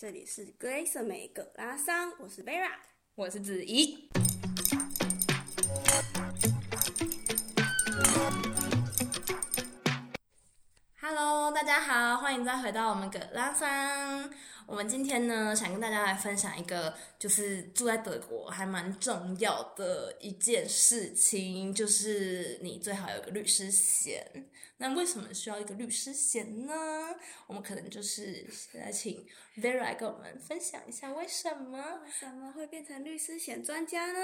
這裡是 Grace 美葛拉桑，我是 Bera，我是子怡。Hello，大家好，歡迎再回到我們葛拉桑。我們今天呢，想跟大家來分享一個，就是住在德國還蠻重要的一件事情，就是你最好有個律師險。那為什麼需要一個律師險呢？我們可能就是來請 Vera 來跟我們分享一下為什麼為什麼會變成律師險專家呢？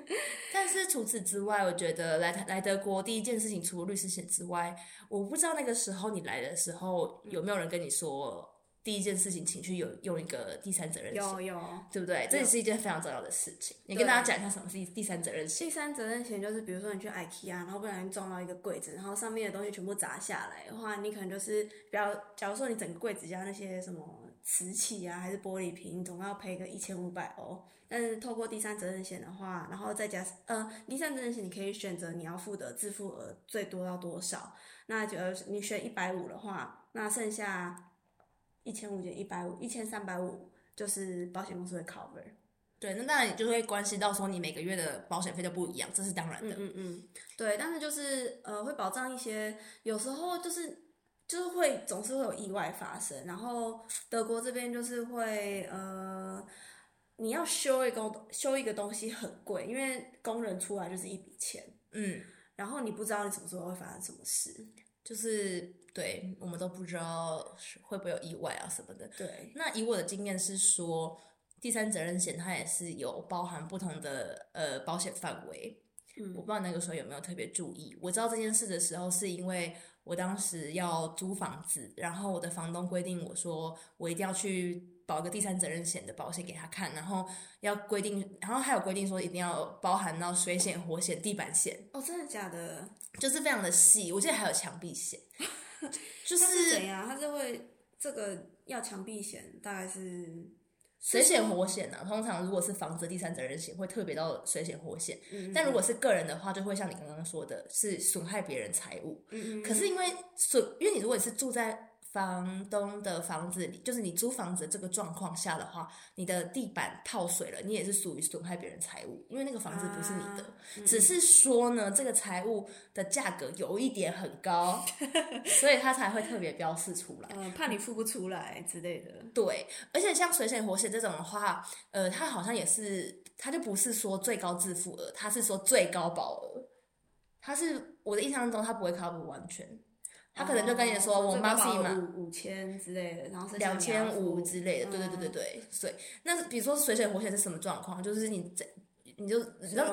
但是除此之外，我覺得來來德國第一件事情，除了律師險之外，我不知道那個時候你來的時候有沒有人跟你說。第一件事情，請去有用一個第三責任險，有有，對不對？這也是一件非常重要的事情。有你跟大家講一下什麼是第三責任險。的第三責任險就是，比如說你去 IKEA，然後不小心撞到一個櫃子，然後上面的東西全部砸下來的話，你可能就是，比如假如說你整個櫃子加那些什麼瓷器啊，還是玻璃瓶，總共要賠個一千五百歐。但是透過第三責任險的話，然後再加呃，第三責任險你可以選擇你要付的自付額最多到多少。那假如你選一百五的話，那剩下。一千五減一百五，一千三百五就是保險公司的 cover。對，那當然也就會關係到說你每個月的保險費就不一樣，這是當然的。嗯嗯，嗯，對，但是就是呃，會保障一些，有時候就是就是會總是會有意外發生。然後德國這邊就是會呃，你要修一個修一個東西很貴，因為工人出來就是一筆錢。嗯，然後你不知道你什麼時候會發生什麼事，就是。對，我們都不知道會不會有意外啊什麼的。對，那以我的經驗是說，第三責任險它也是有包含不同的呃保險範圍。嗯，我不知道那個時候有沒有特別注意。我知道這件事的時候，是因為我當時要租房子，然後我的房東規定我說，我一定要去保個第三責任險的保險給他看，然後要規定，然後還有規定說一定要包含到水險、火險、地板險。哦，真的假的？就是非常的細，我記得還有牆壁險。 就是他就會這個要強避險，大概是、就是、水險火險啊。通常如果是房子第三者責任險，會特別到水險火險。嗯、哼但如果是個人的話，就會像你剛剛說的是損害別人財物。嗯、哼可是因為損，因為你如果你是住在。房東的房子裡，就是你租房子這個狀況下的話，你的地板泡水了，你也是屬於損害別人財物，因為那個房子不是你的，啊嗯、只是說呢，這個財物的價格有一點很高， 所以他才會特別標示出來、嗯，怕你付不出來之類的。對，而且像水險、火險這種的話，呃，它好像也是，它就不是說最高自付額，它是說最高保額，它是我的印象中，它不會 cover 完全。啊、他可能就跟你說，啊、我們包是一萬五千之類的，然後是兩千五之類的，對、嗯、對對對對，水那比如說水水火火是什麼狀況？就是你在你就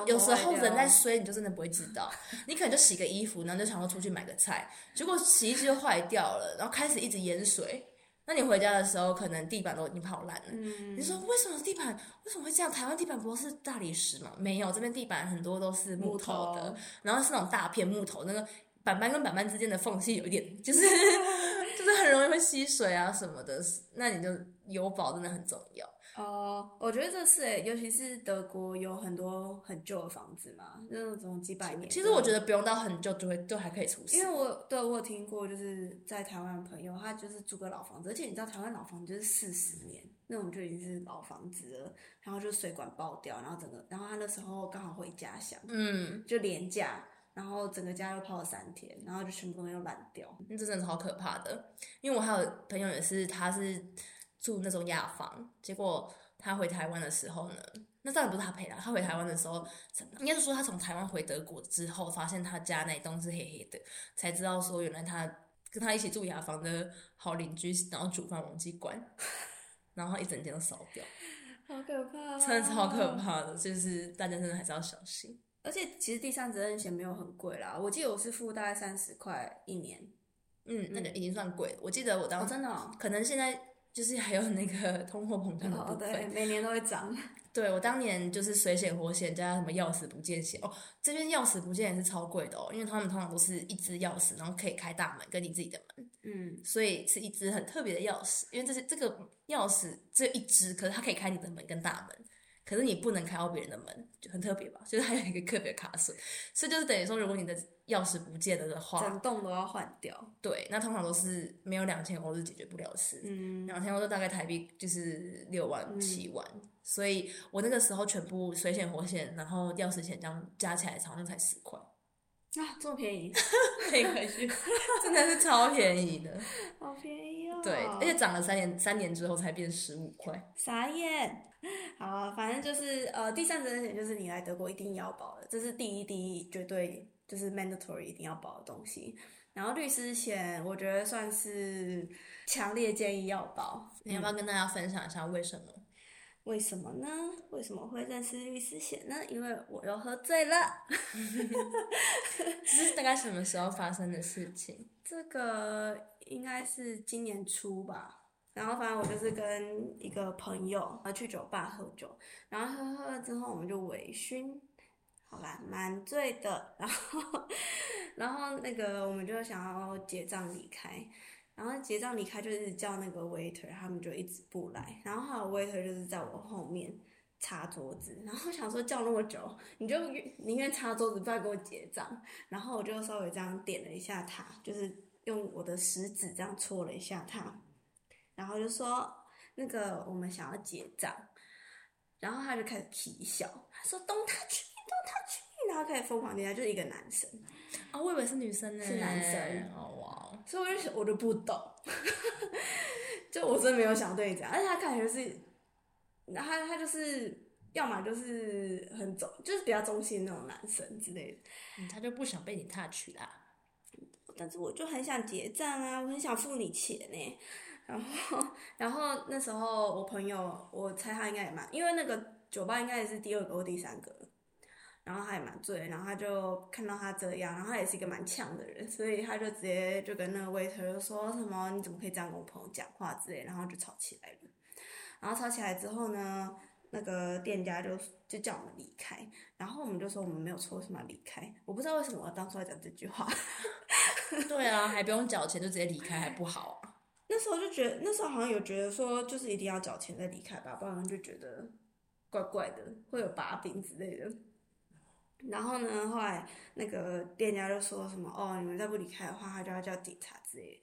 有時候人在衰，你就真的不會知道， 你可能就洗個衣服，然後就想要出去買個菜，結果洗衣機就壞掉了，然後開始一直淹水， 那你回家的時候可能地板都已經泡爛了。嗯，你說為什麼地板為什麼會這樣？台灣地板不是大理石嘛？沒有，這邊地板很多都是木頭的，頭然後是那種大片木頭那個。板板跟板板之間的縫隙有一點，就是就是很容易會吸水啊什麼的， 那你就有保真的很重要哦。Uh, 我覺得這是哎，尤其是德國有很多很舊的房子嘛，那種幾百年其。其實我覺得不用到很舊就會都還可以出事。因為我對，我有聽過，就是在台灣的朋友，他就是租個老房子，而且你知道台灣老房子就是四十年，那種就已經是老房子了，然後就水管爆掉，然後整個，然後他那時候剛好回家鄉，嗯，就廉價。然後整個家又泡了三天，然後就全部都要爛掉，那真的是好可怕的。因為我還有朋友也是，他是住那種雅房，結果他回台灣的時候呢，那當然不是他賠。了他回台灣的時候，應該是說他從台灣回德國之後，發現他家那一棟是黑黑的，才知道說原來他跟他一起住雅房的好鄰居，然後煮飯忘記關，然後一整天都燒掉，好可怕啊，真的是好可怕的。就是大家真的還是要小心。而且其實第三者責任險沒有很貴啦，我記得我是付大概三十塊一年，嗯，嗯，那個已經算貴了。我記得我當時、哦、真的、哦，可能現在就是還有那個通貨膨脹的部分、哦，每年都會漲。對，我當年就是水險、火險加上什麼鑰匙不見險哦，這邊鑰匙不見也是超貴的哦，因為他們通常都是一只鑰匙，然後可以開大門跟你自己的門，嗯，所以是一只很特別的鑰匙，因為這是這個鑰匙只有一只，可是它可以開你的門跟大門。可是你不能開到別人的門，就很特別吧？就是還有一個特別卡死，所以就是等於說，如果你的鑰匙不見了的話，整棟都要換掉。對，那通常都是沒有兩千歐是解決不了事。嗯，兩千歐就大概台幣就是六萬七萬，嗯、所以我那個時候全部水險火險，然後鑰匙險這樣加起來，好像才十塊啊，這麼便宜，可以回去，真的是超便宜的，好便宜。對，而且漲了三年，三年之後才變十五塊，傻眼。好，反正就是呃，第三者險就是你來德國一定要保的，這是第一第一，絕對就是 mandatory 一定要保的東西。然後律師險，我覺得算是強烈建議要保。嗯、你要不要跟大家分享一下為什麼？為什麼呢？為什麼會認識律師險呢？因為我又喝醉了。 這是大概什麼時候發生的事情？這個。應該是今年初吧，然後反正我就是跟一個朋友，然後去酒吧喝酒，然後喝喝了之後我們就微醺，好吧，蠻醉的，然後然後那個我們就想要結賬離開，然後結賬離開就是叫那個 waiter，他們就一直不來，然後還有 waiter 就是在我後面擦桌子，然後想說叫那麼久，你就寧願擦桌子不要給我結賬，然後我就稍微這樣點了一下他，就是。用我的食指這樣戳了一下他，然後就說：“那個我們想要結賬。”然後他就開始起笑，他說：“Don't touch me, don't touch me。”然後開始瘋狂捏，就是、一個男生啊、哦，我以為是女生呢，是男生，哦哇哦！所以我就我就不懂， 就我真的沒有想對你怎樣，而且他看起來是，他他就是要麼就是很中，就是比較中性那種男生之類的，嗯、他就不想被你踏去啦。但是我就很想結賬啊，我很想付你錢呢、欸。然後，然後那時候我朋友，我猜他應該也蠻，因為那個酒吧應該也是第二個或第三個。然後他也蠻醉，然後他就看到他這樣，然後他也是一個蠻嗆的人，所以他就直接就跟那個 waiter 就說什麼，你怎麼可以這樣跟我朋友講話之類的，然後就吵起來了。然後吵起來之後呢，那個店家就就叫我們離開。然後我們就說我們沒有錯，為什麼要離開？我不知道為什麼我當初要講這句話。 對啊，還不用繳錢就直接離開，還不好啊。 那時候就覺得，那時候好像有覺得說，就是一定要繳錢再離開吧，不然就覺得怪怪的，會有把柄之類的。然後呢，後來那個店家就說什麼：“哦，你們再不離開的話，他就要叫警察之類的。”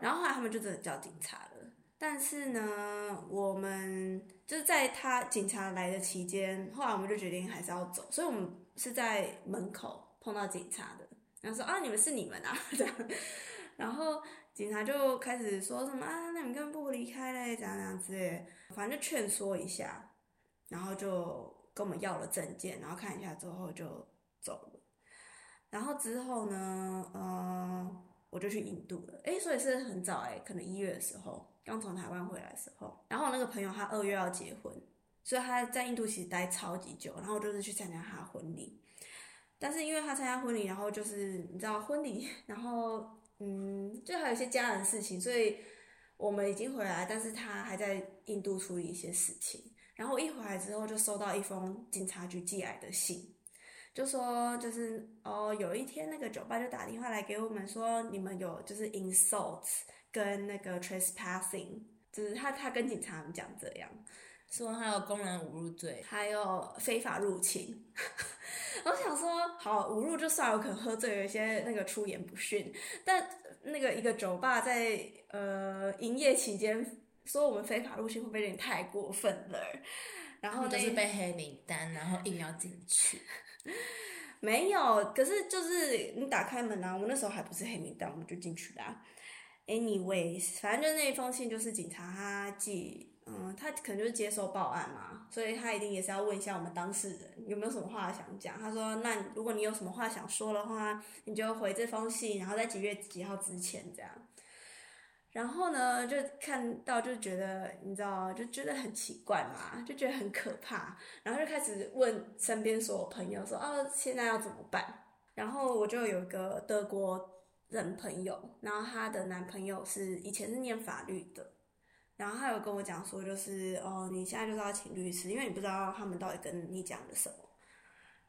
然後後來他們就真的叫警察了。但是呢，我們就是在他警察來的期間，後來我們就決定還是要走，所以我們是在門口碰到警察的。然後說啊，你們是你們啊這樣，然後警察就開始說什麼啊，那你們根本不離開嘞，這樣這樣子，反正就勸說一下，然後就跟我們要了證件，然後看一下之後就走了。然後之後呢，嗯、呃，我就去印度了，誒，所以是很早誒、欸，可能一月的時候剛從台灣回來的時候，然後我那個朋友他二月要結婚，所以他在印度其實待超級久，然後我就是去參加他的婚禮。但是因為他參加婚禮，然後就是你知道婚禮，然後嗯，就還有一些家人事情，所以我們已經回來，但是他還在印度處理一些事情。然後一回來之後，就收到一封警察局寄來的信，就說就是哦，有一天那個酒吧就打電話來給我們說，你們有就是 insults 跟那個 trespassing，就是他他跟警察講這樣，說他有公然侮辱罪，還有非法入侵。我想說，好，五路就算有可能喝醉，有一些那個出言不遜，但那個一個酒吧在呃營業期間說我們非法入境，會不會有點太過分了？然後就是被黑名單，然後硬要進去，沒有。可是就是你打開門啊，我們那時候還不是黑名單，我們就進去啦。Anyways，反正就那一封信就是警察他寄。嗯，他可能就是接受報案嘛，所以他一定也是要問一下我們當事人有沒有什麼話想講。他說：“那你如果你有什麼話想說的話，你就回這封信，然後在幾月幾號之前這樣。”然後呢，就看到就覺得你知道，就覺得很奇怪嘛，就覺得很可怕。然後就開始問身邊所有朋友說：“哦，現在要怎麼辦？”然後我就有一個德國人朋友，然後她的男朋友是以前是念法律的。然後他有跟我講說，就是哦，你現在就是要請律師，因為你不知道他們到底跟你講了什麼。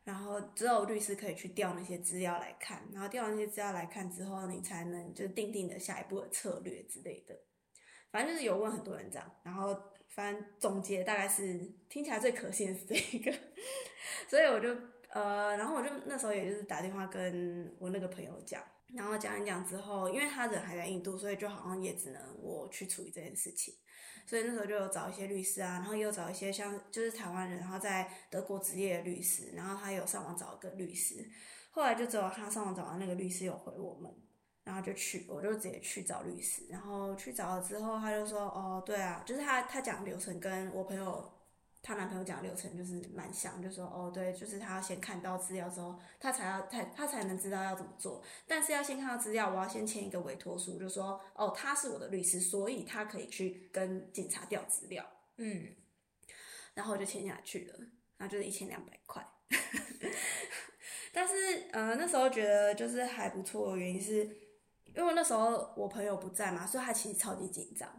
然後只有律師可以去調那些資料來看，然後調完那些資料來看之後，你才能就是定定的下一步的策略之類的。反正就是有問很多人這樣，然後反正總結大概是聽起來最可信的是這一個，所以我就呃，然後我就那時候也就是打電話跟我那個朋友講，然後講一講之後，因為他人還在印度，所以就好像也只能我去處理這件事情。所以那時候就有找一些律師啊，然後又找一些像就是台灣人，然後在德國執業的律師，然後他有上網找一個律師，後來就只有他上網找的那個律師有回我們，然後就去，我就直接去找律師，然後去找了之後他就說哦對啊，就是他他講流程跟我朋友。她男朋友講流程就是蠻像，就說哦，對，就是他要先看到資料之後，他才要他他才能知道要怎麼做。但是要先看到資料，我要先簽一個委托書，就說哦，他是我的律師，所以他可以去跟警察調資料。嗯，然後就簽下去了，那就是一千兩百塊。但是呃，那時候覺得就是還不錯，原因是因為那時候我朋友不在嘛，所以他其實超級緊張，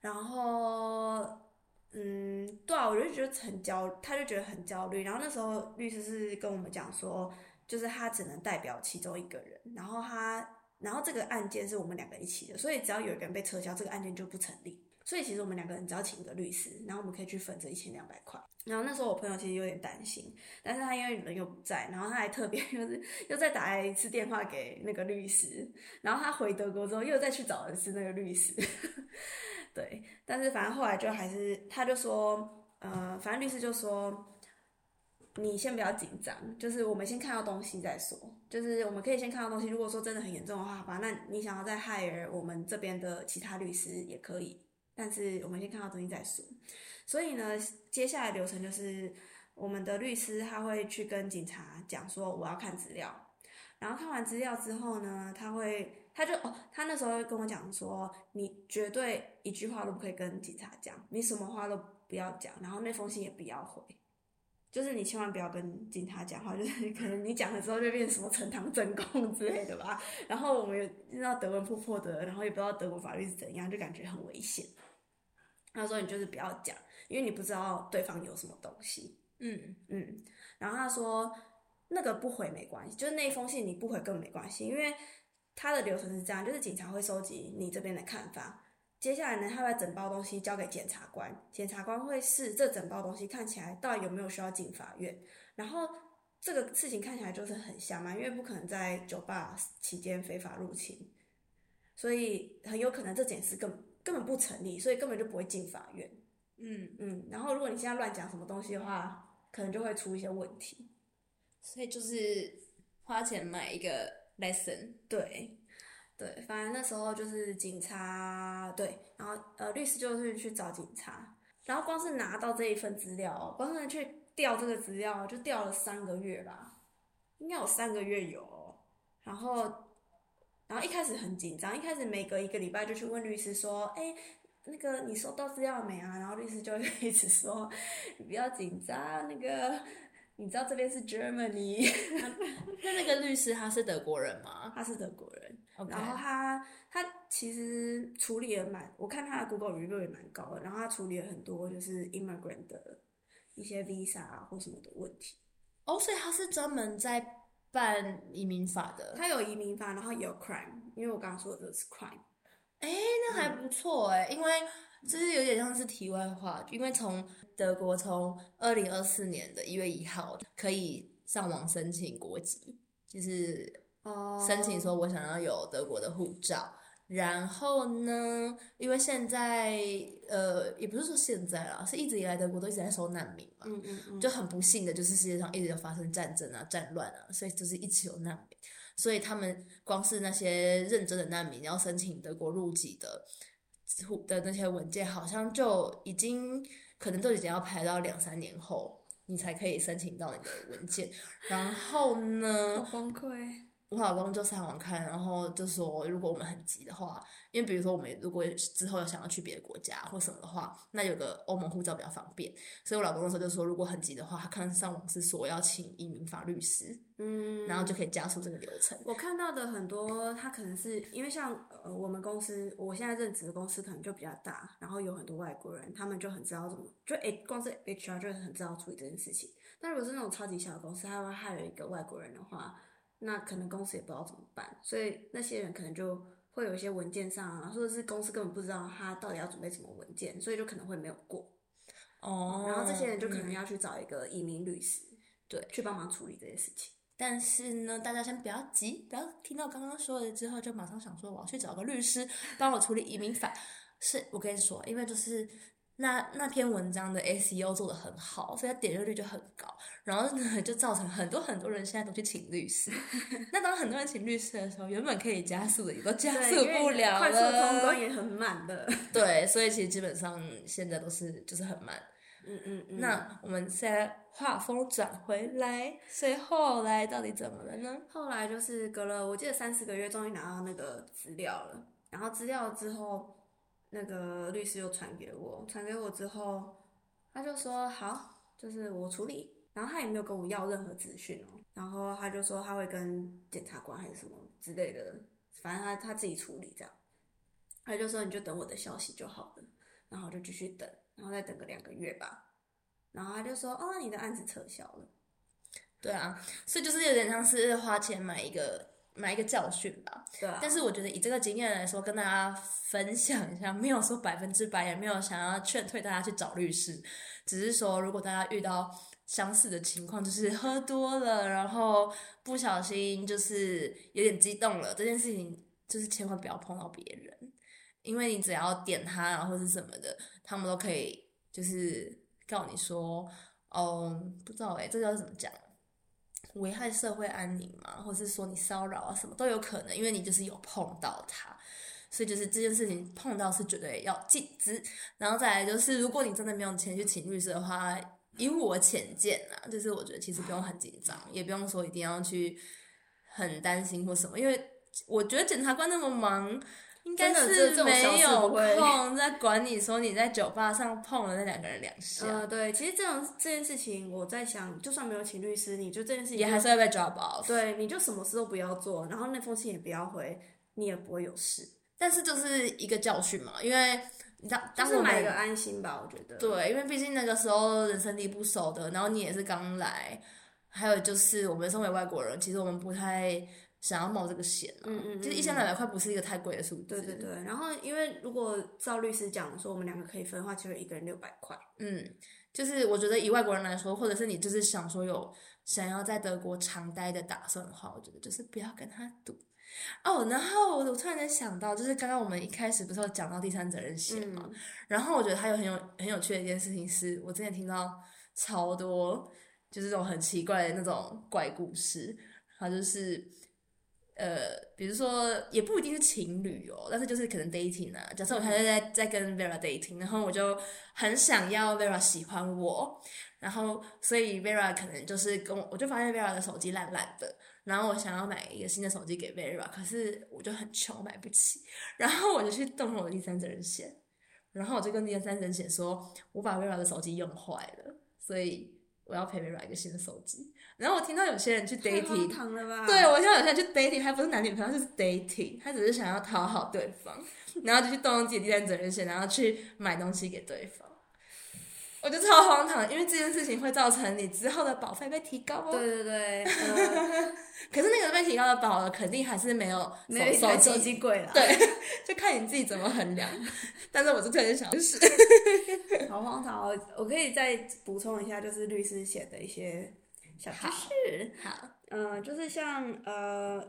然後。嗯，對啊，我就覺得很焦，他就覺得很焦慮。然後那時候律師是跟我們講說，就是他只能代表其中一個人，然後他，然後這個案件是我們兩個一起的，所以只要有一個人被撤銷，這個案件就不成立。所以其實我們兩個人只要請一個律師，然後我們可以去分這一千兩百塊。然後那時候我朋友其實有點擔心，但是他因為人又不在，然後他還特別又、就是又再打了一次電話給那個律師，然後他回德國之後又再去找的是那個律師。對，但是反正後來就還是，他就說，呃，反正律師就說，你先不要緊張，就是我們先看到東西再說，就是我們可以先看到東西，如果說真的很嚴重的話，好吧，那你想要再 hire，我們這邊的其他律師也可以，但是我們先看到東西再說。所以呢，接下來的流程就是我們的律師他會去跟警察講說，我要看資料，然後看完資料之後呢，他會。他就哦，他那時候跟我講說，你絕對一句話都不可以跟警察講，你什麼話都不要講，然後那封信也不要回，就是你千萬不要跟警察講話，就是可能你講了之後就變成什麼呈堂證供之類的吧。然後我們又知道德文破破的，然後也不知道德國法律是怎樣，就感覺很危險。他說你就是不要講，因為你不知道對方有什麼東西。嗯嗯。然後他說那個不回沒關係，就是那封信你不回更沒關係，因為。他的流程是這樣，就是警察會收集你這邊的看法，接下來呢，他把整包東西交給檢察官，檢察官會試這整包東西看起來到底有沒有需要進法院，然後這個事情看起來就是很像嘛，因為不可能在酒吧期間非法入侵，所以很有可能這件事根根本不成立，所以根本就不會進法院。嗯嗯，然後如果你現在亂講什麼東西的話，可能就會出一些問題，所以就是花錢買一個。Lesson 對，對，反正那時候就是警察對，然後呃律師就是去找警察，然後光是拿到這一份資料，光是去調這個資料就調了三個月吧，應該有三個月有，然後然後一開始很緊張，一開始每隔一個禮拜就去問律師說，哎，那個你收到資料沒啊？然後律師就一直說你不要緊張，那個。你知道這邊是 Germany， 那那個律師他是德國人嗎？他是德國人。Okay. 然後他他其實處理了蠻，我看他的 Google 搜索也蠻高的。然後他處理了很多就是 immigrant 的一些 visa 啊或什麼的問題。哦，所以他是專門在辦移民法的。他有移民法，然後有 crime，因為我剛剛說的這是 crime。哎、欸，那還不錯哎、欸，嗯、因為就是有點像是題外話，嗯、因為從德國從二零二四年的一月一號可以上網申請國籍，就是哦，申請說我想要有德國的護照。哦、然後呢，因為現在呃也不是說現在啦，是一直以來德國都一直在收難民嘛，嗯嗯嗯，就很不幸的就是世界上一直有發生戰爭啊、戰亂啊，所以就是一直有難民。所以他們光是那些認真的難民，要申請德國入籍的的那些文件，好像就已經可能都已經要排到兩三年後，你才可以申請到你的文件。 然後呢，好崩潰。我老公就上網看，然後就說，如果我們很急的話，因為比如說我們如果之後要想要去別的國家或什麼的話，那有個歐盟護照比較方便。所以我老公那時候就說，如果很急的話，他看上網是說要請移民法律師，嗯，然後就可以加速這個流程。我看到的很多，他可能是因為像呃我們公司，我現在任職的公司可能就比較大，然後有很多外國人，他們就很知道怎麼就哎光是 HR 就很知道處理這件事情。但如果是那種超級小的公司，他們還有，有，有一個外國人的話。那可能公司也不知道怎麼辦，所以那些人可能就會有一些文件上啊，或者是公司根本不知道他到底要準備什麼文件，所以就可能會沒有過。哦，嗯、然後這些人就可能要去找一個移民律師，嗯、對，去幫忙處理這件事情。但是呢，大家先不要急，不要聽到剛剛說了之後就馬上想說我要去找個律師幫我處理移民法。 是我跟你說，因為就是。那那篇文章的 SEO 做得很好，所以它點閱率就很高，然後呢，就造成很多很多人現在都去請律師。 那當很多人請律師的時候，原本可以加速的也都加速不了了，因為快速的通關也很滿的。對，所以其實基本上現在都是就是很慢。 嗯嗯嗯。那我們現在畫風轉回來，所以後來到底怎麼了呢？後來就是隔了我記得三四個月，終於拿到那個資料了。然後資料之後，那個律師又傳給我，傳給我之後，他就說好，就是我處理，然後他也沒有跟我要任何資訊哦，然後他就說他會跟檢察官還是什麼之類的，反正他他自己處理這樣，他就說你就等我的消息就好了，然後就繼續等，然後再等個兩個月吧，然後他就說哦，你的案子撤銷了。對啊，所以就是有點像是花錢買一個。買一個教訓吧，對啊。但是我覺得以這個經驗來說，跟大家分享一下，沒有說百分之百，也沒有想要勸退大家去找律師，只是說如果大家遇到相似的情況，就是喝多了，然後不小心就是有點激動了，這件事情就是千萬不要碰到別人，因為你只要點他或者什麼的，他們都可以就是告你說，哦，不知道欸，這叫怎麼講？危害社會安寧嘛、啊，或是說你騷擾啊，什麼都有可能，因為你就是有碰到他，所以就是這件事情碰到是絕對要禁止。然後再來就是，如果你真的沒有錢去請律師的話，以我淺見啊，就是我覺得其實不用很緊張，也不用說一定要去很擔心或什麼，因為我覺得檢察官那麼忙。應該是沒有空在管你說你在酒吧上碰了那兩個人兩下、嗯。對，其實這種這件事情，我在想，就算沒有請律師，你就這件事情要也還是會被抓包。對，你就什麼事都不要做，然後那封信也不要回，你也不會有事。但是就是一個教訓嘛，因為你知道，當時買一個安心吧，我覺得。對，因為畢竟那個時候人生地不熟的，然後你也是剛來，還有就是我們身為外國人，其實我們不太。想要冒這個險。嗯，嗯，嗯，嗯，就是一千兩百塊不是一個太貴的數字。對對對，然後因為如果趙律師講說我們兩個可以分的話，其實一個人六百塊。嗯，就是我覺得以外國人來說，或者是你就是想說有想要在德國長待的打算的話，我覺得就是不要跟他賭哦。Oh, 然後我突然間想到，就是剛剛我們一開始不是有講到第三者責任險嘛？嗯、然後我覺得他有很有很有趣的一件事情是，是我之前聽到超多就是這種很奇怪的那種怪故事，他就是。呃，比如說也不一定是情侶哦，但是就是可能 dating 啊。假設我現在在在跟 Vera dating，然後我就很想要 Vera 喜歡我，然後所以 Vera 可能就是跟我，我就發現 Vera 的手機爛爛的，然後我想要買一個新的手機給 Vera，可是我就很窮，買不起，然後我就去動了我的第三者人險，然後我就跟第三者險說，我把 Vera 的手機用壞了，所以我要賠 Vera 一個新的手機。然後我聽到有些人去 dating，對，我聽到有些人去 dating，還不是男女朋友，就是 dating，他只是想要討好對方，然後就去動用自己第三者責任險，然後去買東西給對方，我覺得超荒唐，因為這件事情會造成你之後的保費被提高。哦。對對對。呃、 可是那個被提高的保額，肯定還是沒有沒有機級貴了。對，就看你自己怎麼衡量。 但是我是特別想， 好荒唐。哦，我可以再補充一下，就是律師險的一些。小知識，好，嗯、呃，就是像呃，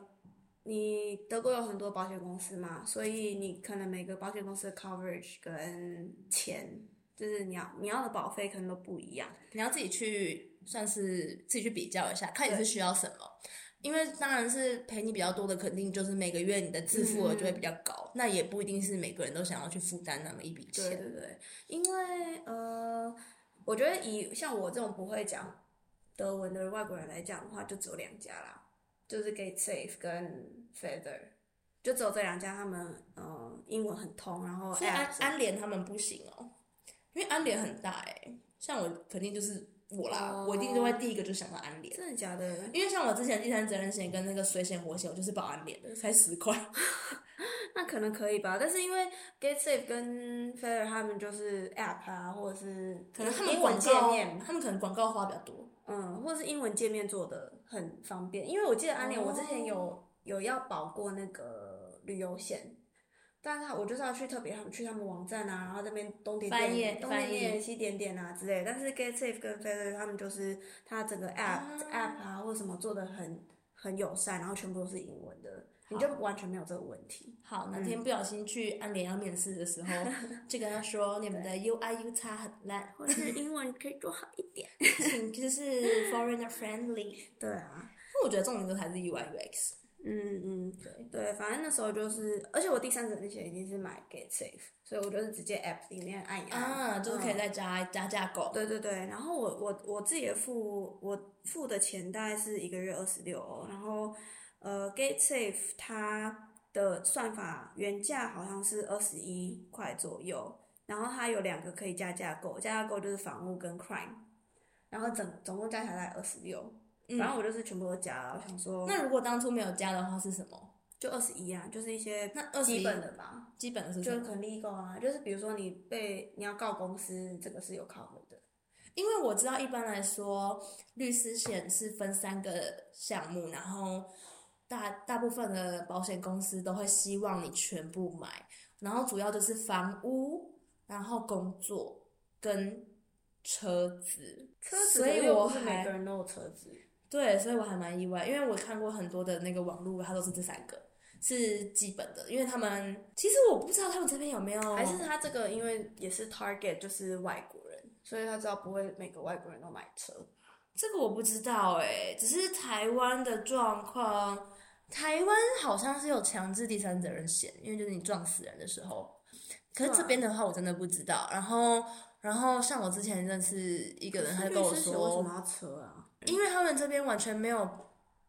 你德國有很多保險公司嘛，所以你可能每個保險公司的 coverage 跟錢，就是你要你要的保費可能都不一樣，你要自己去算是自己去比較一下，看你是需要什麼，對因為當然是賠你比較多的，肯定就是每個月你的自付額就會比較高，嗯、那也不一定是每個人都想要去負擔那麼一筆錢，對對對，因為呃，我覺得以像我這種不會講。德文的外國人來講的話，就只有兩家啦，就是 Gate Safe 跟 Feather，就只有這兩家。他們嗯，英文很通，然後所以安安聯他們不行哦、喔，因為安聯很大哎、欸。像我肯定就是我啦，哦、我一定就會第一個就想到安聯。真的假的？因為像我之前第三者責任險跟那個水險火險，我就是保安聯的，才十塊。 那可能可以吧，但是因為 Gate Safe 跟 Feather 他們就是 App 啊，或者是，是可能他們廣告， 他們可能廣告花比較多。嗯，或是英文界面做的很方便，因為我記得安聯，我之前有、oh. 有要保過那個旅遊險，但他我就是要去特別他們去他們網站啊，然後這邊東點點、演東點點、演西點點啊之類，但是 Get Safe 跟 Feather 他們就是他整個 App、oh. App 啊，或什麼做的很很友善，然後全部都是英文的。好你就完全沒有這個問題。好，哪天不小心去安聯要面試的時候，嗯、就跟他說對你們的 UI UX 很爛，對或者英文可以做好一點， 請就是 foreigner friendly。對啊，但我覺得重點都還是 UI UX。嗯嗯對，對對，反正那時候就是，而且我第三者那些已經是買 get safe，所以我就是直接 app 裡面按一按，啊、就是可以再加、嗯、加價購。對對對，然後我我我自己的付，我付的錢大概是一個月二十六歐，然後。呃、uh，GetSafe 它的算法，原價好像是二十一塊左右，然後它有兩個可以加價購，加價購就是房屋跟 Crime，然後整總共加起來二十六，然後、嗯、反正我就是全部都加了，我想說，那如果當初沒有加的話是什麼？就二十一啊，就是一些那基本的吧。基本的是什麼，就是可能 legal 啊，就是比如說你被你要告公司，這個是有 cover 的，因為我知道一般來說律師險是分三個項目，然後。大大部分的保險公司都會希望你全部買，然後主要就是房屋，然後工作跟車子。車子，所以我還每個人都有車子。對，所以我還蠻意外，因為我看過很多的那個網絡，他都是這三個是基本的，因為他們其實我不知道他們這邊有沒有，還是他這個因為也是 target 就是外國人，所以他知道不會每個外國人都買車。這個我不知道哎、欸，只是台灣的狀況。台灣好像是有強制第三者責任險，因為就是你撞死人的時候。可是這邊的話，我真的不知道。啊、然後，然後像我之前認識一個人，他就跟我說，為車啊？嗯、因為他們這邊完全沒有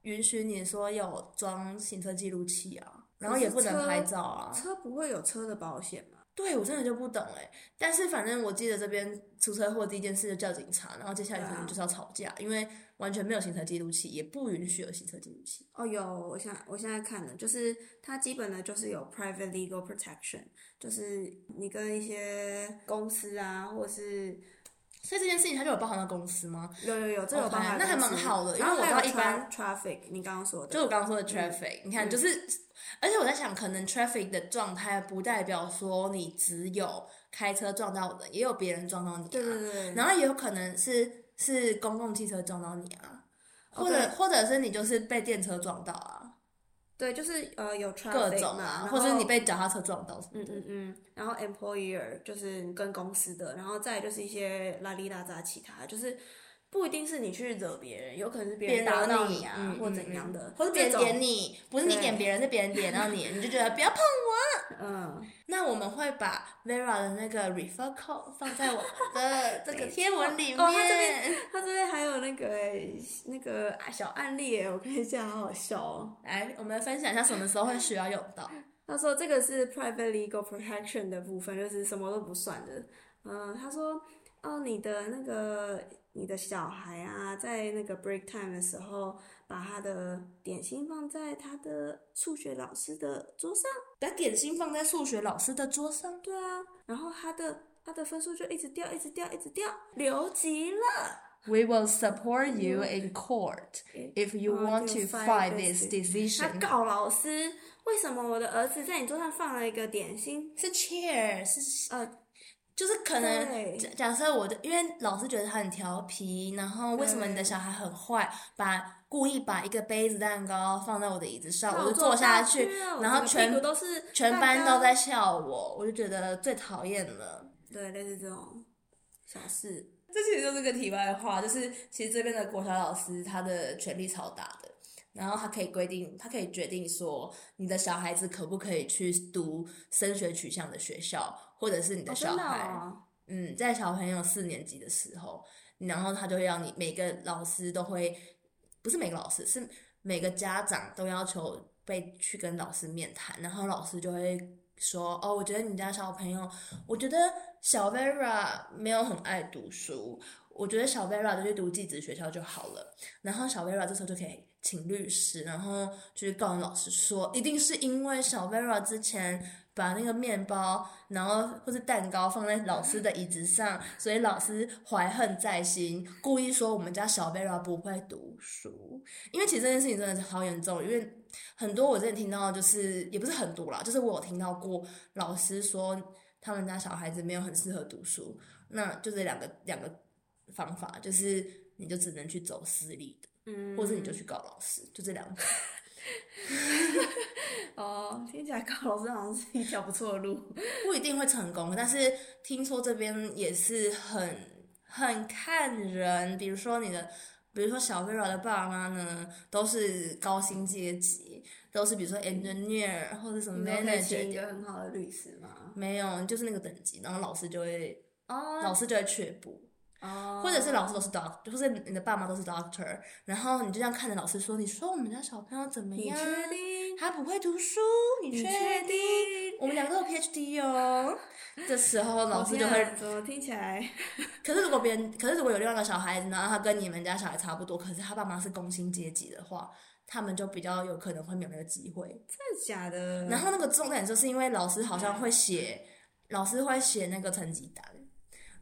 允許你說要裝行車記錄器啊，然後也不能拍照啊。車不會有車的保險嗎？對，我真的就不懂誒，但是反正我記得這邊出車禍第一件事就叫警察，然後接下來可能就是要吵架，啊、因為完全沒有行車記錄器，也不允許有行車記錄器。哦，有，我現在我現在看的就是它基本的就是有 private legal protection，就是你跟一些公司啊，或是。所以這件事情它就有包含到公司嗎？有有有，這有包含公司。Okay, 那還蠻好的，因為我知道一般 traffic，你剛剛說的，就我剛剛說的 traffic，、嗯、你看就是，嗯、而且我在想，可能 traffic 的狀態不代表說你只有開車撞到的，也有別人撞到你、啊，對對對，然後也有可能是是公共汽車撞到你啊，或者、oh, 對或者是你就是被電車撞到啊。對，就是呃有傳 r a 啊，種後或者你被腳踏車撞到什麼嗯嗯嗯。然後 employer 就是跟公司的，然後再就是一些拉拉扎其他就是。不一定是你去惹別人，有可能是別人打到你啊，或怎樣的，嗯、或是別人點你，嗯、種不是你點別人，對是別人點到你，你就覺得不要碰我。嗯，那我們會把 Vera 的那個 Referral 放在我們的這個貼文裡面。他、哦哦、這邊還有那個誒、欸，那個小案例哎、欸，我看一下，好好笑哦、喔。來，我們來分享一下什麼時候會需要用到。他說這個是 Private Legal Protection 的部分，就是什麼都不算的。嗯，他說。哦，你的那個，你的小孩啊，在那個 break time 的時候，把他的點心放在他的數學老師的桌上，把點心放在數學老師的桌上，對啊，然後他的他的分數就一直掉，一直掉，一直掉，留級了。We will support you in court if you want to fight this decision。嗯。他、嗯嗯、告老師，為什麼我的兒子在你桌上放了一個點心？是 chair，是呃。就是可能對假假設我的，因為老師覺得他很調皮，然後為什麼你的小孩很壞？對把故意把一個杯子蛋糕放在我的椅子上，我就坐下去，然後全部都是剛剛，全班都在笑我，我就覺得最討厭了。對，類似這種小事，這其實就是個題外話。就是其實這邊的國小老師他的權力超大的，然後他可以規定，他可以決定說你的小孩子可不可以去讀升學取向的學校。或者是你的小孩，哦、嗯，在小朋友四年級的時候，然後他就會讓你每個老師都會，不是每個老師，是每個家長都要求被去跟老師面談，然後老師就會說，哦，我覺得你家小朋友，我覺得小 Vera 沒有很愛讀書，我覺得小 Vera 就去讀技職學校就好了，然後小 Vera 這時候就可以。請律師，然後就去告訴老師說，一定是因為小 Vera 之前把那個麵包，然後或是蛋糕放在老師的椅子上，所以老師懷恨在心，故意說我們家小 Vera 不會讀書。因為其實這件事情真的是好嚴重，因為很多我之前聽到，就是也不是很多啦，就是我有聽到過老師說他們家小孩子沒有很適合讀書，那就這兩個兩個方法，就是你就只能去走私立的。或者你就去告老師，嗯，就這兩個。 哦，聽起來告老師好像是一條不錯的路，不一定會成功，但是聽說這邊也是很很看人，比如說你的，比如說小飛兒的爸媽呢，都是高薪階級，都是比如說 engineer 或者什麼 manager，有很好的律師嗎？沒有，就是那個等級，然後老師就會，哦，老師就會卻步。哦，oh, 或者是老師都是 doctor，或是你的爸媽都是 doctor，然後你就這樣看着老師說：“你說我們家小朋友怎麼樣？你確定他不會讀書？你確定,你確定我們兩個都有 PhD 哦。 這時候老師就會說，聽起來？ 可是如果別人，可是如果有另外一個小孩子呢？他跟你們家小孩差不多，可是他爸媽是工薪階級的話，他們就比較有可能會沒有那個機會。真的假的？然後那個重點就是因為老師好像會寫，Yeah. 老師會寫那個成績單。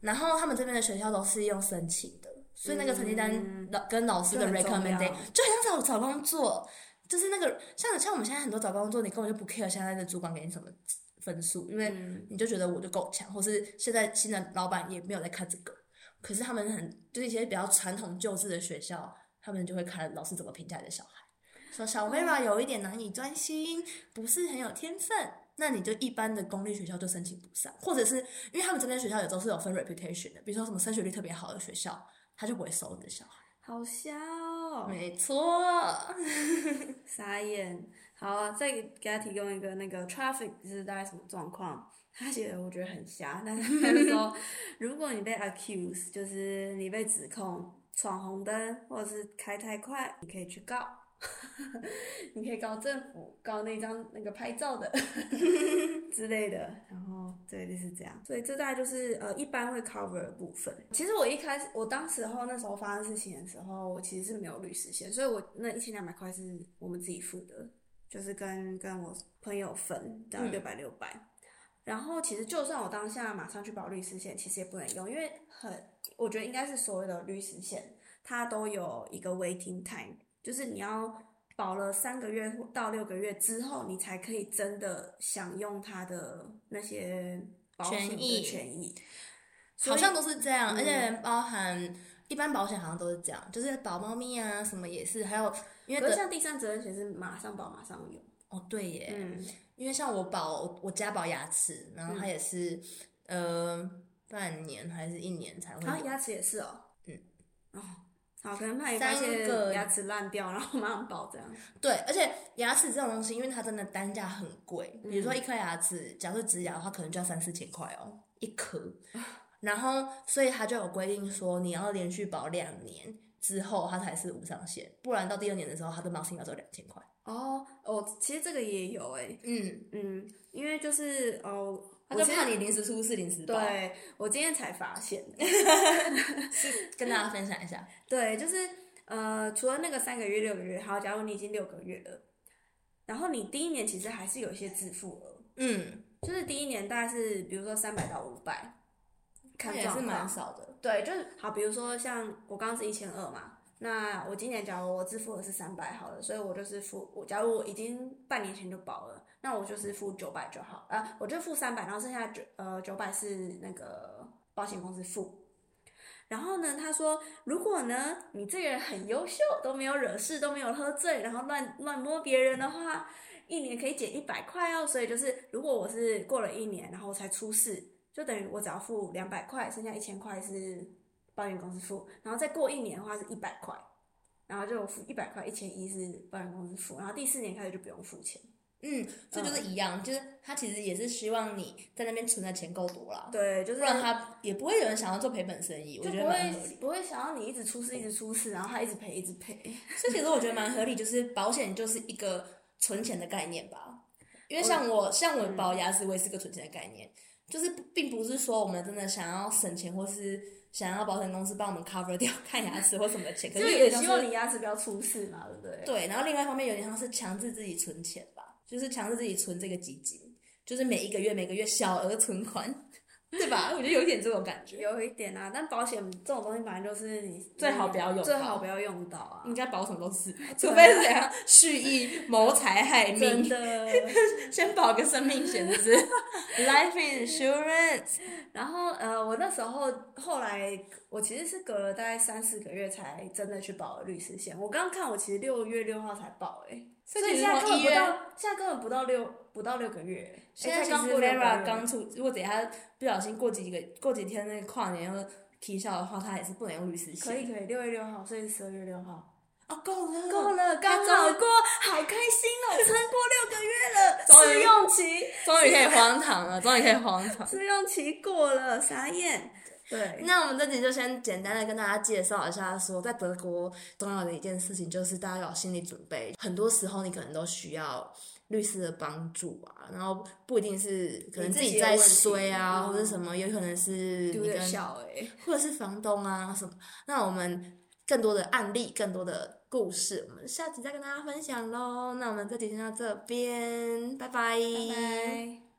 然後他們這邊的學校都是用申請的，嗯、所以那個成績單老、嗯、跟老師的 recommendation 就很像找找工作，就是那個像像我們現在很多找工作，你根本就不 care 現在的主管給你什麼分數，因為你就覺得我就夠強，或是現在新的老闆也沒有在看這個。可是他們很就是一些比較傳統舊式的學校，他們就會看老師怎麼評價你的小孩，嗯、說小妹吧，有一點難以專心，不是很有天分。那你就一般的公立學校就申請不上，或者是因為他們這邊學校也都是有分 reputation 的，比如說什麼升學率特別好的學校，他就不會收你的小孩。好笑哦，沒錯， 傻眼。好啊，再給他提供一個那個 traffic 是大概什麼狀況。他寫的我覺得很瞎，但是他就說 如果你被 accused 就是你被指控闖紅燈或者是開太快，你可以去告。 你可以告政府，告那張那個拍照的 之類的，然後對就是這樣。所以這大概就是呃，一般會 cover 的部分。其實我一開始，我當時候那時候發生事情的時候，我其實是沒有律師險，所以我那一千兩百塊是我們自己付的，就是跟跟我朋友分，六百六百。嗯、然後其實就算我當下馬上去保律師險，其實也不能用，因為很我覺得應該是所有的律師險，它都有一個 waiting time。就是你要保了三個月到六個月之後，你才可以真的享用它的那些保險權益權益、權益，所以，好像都是這樣，嗯、而且包含一般保險好像都是這樣，就是保貓咪啊什麼也是，還有因為像第三責任險是馬上保馬上用。哦，對耶，嗯，因為像我保我家保牙齒，然後它也是、嗯、呃半年還是一年才會、啊，牙齒也是哦，嗯哦。好，可能怕你發現牙齒爛掉，個然後馬上保這樣。對，而且牙齒這種東西，因為它真的單價很貴，比如說一顆牙齒，嗯、假設植牙的話，可能就要三四千塊哦，一顆。嗯、然後，所以它就有規定說，你要連續保兩年之後，它才是無上限，不然到第二年的時候，它的保險額度兩千塊。哦哦，其實這個也有哎，嗯嗯，因為就是哦。我就怕你臨時出事零時，臨時保。對，我今天才發現 ，跟大家分享一下。對，就是呃，除了那個三個月、六個月，好，假如你已經六個月了，然後你第一年其實還是有一些支付額，嗯，就是第一年大概是比如說三百到五百，嗯，看狀況。也是蠻少的，對，就是好，比如說像我剛剛是一千二嘛，那我今年假如我支付額是三百好了，所以我就是付，我假如我已經半年前就保了。那我就是付九百就好啊，呃，我就付三百，然後剩下九呃九百是那個保險公司付。然後呢，他說如果呢你這個人很優秀，都沒有惹事，都沒有喝醉，然後亂亂摸別人的話，一年可以減一百塊哦。所以就是如果我是過了一年，然後才出事，就等於我只要付兩百塊，剩下一千塊是保險公司付。然後再過一年的話是一百塊，然後就付一百塊，一千一是保險公司付。然後第四年開始就不用付錢。嗯，所以就是一樣，嗯、就是他其實也是希望你在那邊存的錢夠多了，對，就是、不然他也不會有人想要做賠本生意。就不會覺得不會想要你一直出事，一直出事，嗯、然後他一直賠，一直賠。所以其實我覺得蠻合理，對對對對，就是保險就是一個存錢的概念吧。因為像我對像我保牙齒，我也是個存錢的概念，嗯、就是並不是說我們真的想要省錢，或是想要保險公司幫我們 cover 掉，看牙齒或什麼的錢。可是也、就是、也希望你牙齒不要出事嘛，對不對？對。然後另外一方面，有點像是強制自己存錢。就是強制自己存這個基金，就是每一個月每個月小額存款，對吧？我覺得有一點這種感覺， 有一點啊。但保險這種東西，反正就是你最好不要用，最好不要用到啊。應該保什麼都是，啊、除非是想要蓄意謀財害命 的， 先保個生命險，就是 ？Life insurance。 然後呃，我那時候後來我其實是隔了大概三四個月才真的去保了律師險。我剛剛看，我其實六月六號才保誒、欸。所以現在根本不,不到，現在根本不到六不到六個月、欸。現在剛過，剛出。如果等下不小心過幾個過幾天那個跨年，然後提效的話，他也是不能用律師險。可以可以，六月六號，所以十二月六號。啊、哦，夠了，夠了，剛好過，好開心哦！撐過六個月了，試用期，終於可以荒唐了，終於可以荒唐。試用期過了，傻眼。對，那我們這集就先簡單的跟大家介紹一下說，說在德國重要的一件事情就是大家要有心理準備，很多時候你可能都需要律師的幫助啊，然後不一定是可能自己在衰啊，啊或者什麼，也可能是你跟對對對、欸、或者是房東啊什麼。那我們更多的案例，更多的故事，我們下集再跟大家分享嘍。那我們這集先到這邊，拜拜。拜拜。